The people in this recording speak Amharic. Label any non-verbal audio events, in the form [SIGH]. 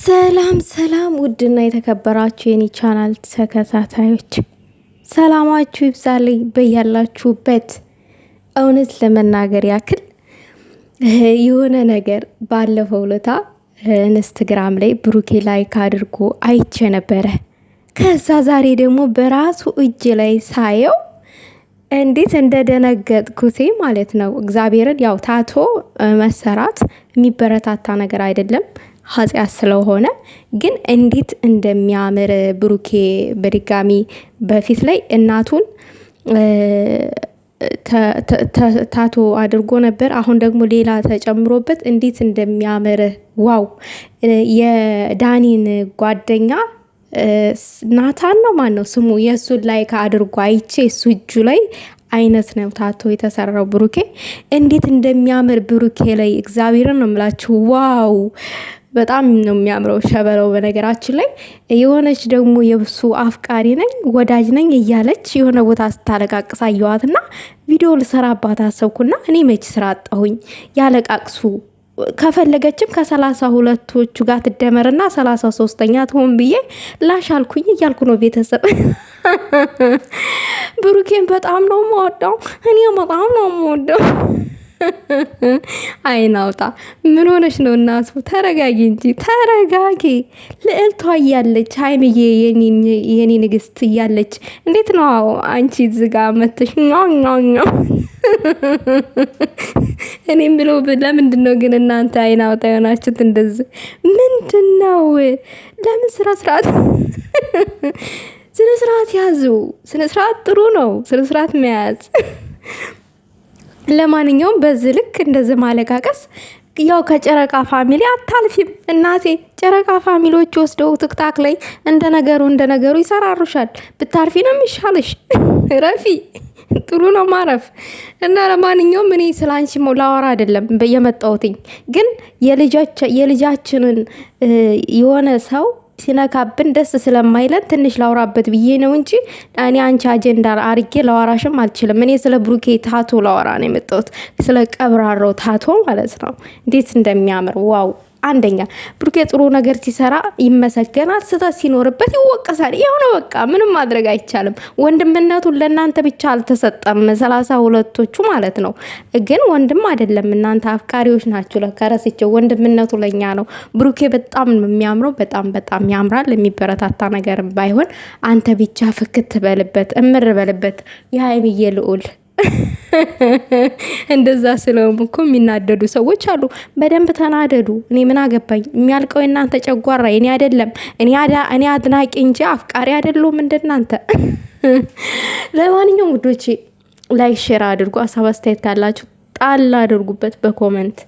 ሰላም ሰላም ውድና የተከበራችሁ የኔ ቻናል ተከታታዮች ሰላማችሁ ይብዛልኝ በያላችሁበት። እውነት ለመናገር ያክል የሆነ ነገር ባለፈው ለታ ኢንስትግራም ላይ ብሩኬ ላይክ አድርጎ አይቼ ነበረ። ከዛ ዛሬ ደግሞ በራሱ እጅ ላይ ሳየው እንዴት እንደደነገጥኩት ማለት ነው። እግዚአብሔርን ያው ታቶ መሰራት የሚበረታታ ነገር አይደለም። ኃጢአት ስለሆነ ግን እንዴት እንደሚያምር ብሩኬ በድጋሚ በፊት ላይ እናቱን ታቶ አድርጎ ነበር። አሁን ደግሞ ሌላ ተጨምሮበት እንዴት እንደሚያምር ዋው! የዳኒን ጓደኛ ናታን ነው ማን ነው ስሙ? የእሱን ላይ ከአድርጎ አይቼ እሱ እጁ ላይ አይነት ነው ታቶ የተሰራው ብሩኬ እንዴት እንደሚያምር ብሩኬ ላይ እግዚአብሔርን ነው የምላችሁ ዋው በጣም ነው የሚያምረው ሸበለው። በነገራችን ላይ የሆነች ደግሞ የብሱ አፍቃሪ ነኝ ወዳጅ ነኝ እያለች የሆነ ቦታ ስታለቃቅስ አየዋትና ቪዲዮ ልሰራባት አሰብኩና እኔ መች ስራ አጣሁኝ ያለቃቅሱ ከፈለገችም ከሰላሳ ሁለቶቹ ጋር ትደመርና ሰላሳ ሶስተኛ ትሆን ብዬ ላሽ አልኩኝ እያልኩ ነው። ቤተሰብ ብሩኬን በጣም ነው የምወደው፣ እኔ በጣም ነው የምወደው። [LAUGHS] አይናውጣ ምን ሆነሽ ነው? እናሱ ተረጋጊ እንጂ ተረጋጊ። ልዕልቷ እያለች ሀይምዬ የኔ ንግስት እያለች እንዴት ነው አንቺ ዝጋ መተሽ ኛኛኛው እኔ የምለው ለምንድን ነው ግን እናንተ አይናውጣ የሆናችሁት? እንደዚ ምንድን ነው? ለምን ስራ ስርዓት [LAUGHS] ስነ ስርዓት ያዙ። ስነ ስርዓት ጥሩ ነው፣ ስነ ስርዓት መያዝ ለማንኛውም በዚህ ልክ እንደዚህ ማለቃቀስ ያው ከጨረቃ ፋሚሊ አታልፊም እናቴ። ጨረቃ ፋሚሊዎች ወስደው ትክታክ ላይ እንደ ነገሩ እንደ ነገሩ ይሰራሩሻል። ብታርፊ ነው የሚሻልሽ። [LAUGHS] ረፊ ጥሩ ነው ማረፍ። እና ለማንኛውም እኔ ስለ አንቺ ላወራ አይደለም የመጣሁትኝ፣ ግን የልጃችንን የሆነ ሰው ሲነካብን ደስ ስለማይለን ትንሽ ላውራበት ብዬ ነው እንጂ እኔ አንቺ አጀንዳ አርጌ ለዋራሽም አልችልም። እኔ ስለ ብሩኬ ታቶ ላወራ ነው የመጣሁት፣ ስለ ቀብራሮ ታቶ ማለት ነው። እንዴት እንደሚያምር ዋው! አንደኛ ብሩኬ ጥሩ ነገር ሲሰራ ይመሰገናል፣ ስህተት ሲኖርበት ይወቀሳል። የሆነ በቃ ምንም ማድረግ አይቻልም። ወንድምነቱን ለእናንተ ብቻ አልተሰጠም፣ ሰላሳ ሁለቶቹ ማለት ነው። ግን ወንድም አይደለም እናንተ አፍቃሪዎች ናችሁ። ለካ ወንድምነቱ ለእኛ ነው። ብሩኬ በጣም የሚያምረው በጣም በጣም ያምራል። የሚበረታታ ነገር ባይሆን አንተ ብቻ ፍክት በልበት፣ እምር በልበት የሀይሚዬ ልዑል [LAUGHS] እንደዛ ስለውም እኮ የሚናደዱ ሰዎች አሉ። በደንብ ተናደዱ። እኔ ምን አገባኝ? የሚያልቀው የእናንተ ጨጓራ እኔ አይደለም። እኔ አድናቂ እንጂ አፍቃሪ አይደለሁም እንደናንተ። [LAUGHS] ለማንኛውም ውዶቼ ላይክ፣ ሼር አድርጉ። ሀሳብ አስተያየት ካላችሁ ጣል አድርጉበት በኮመንት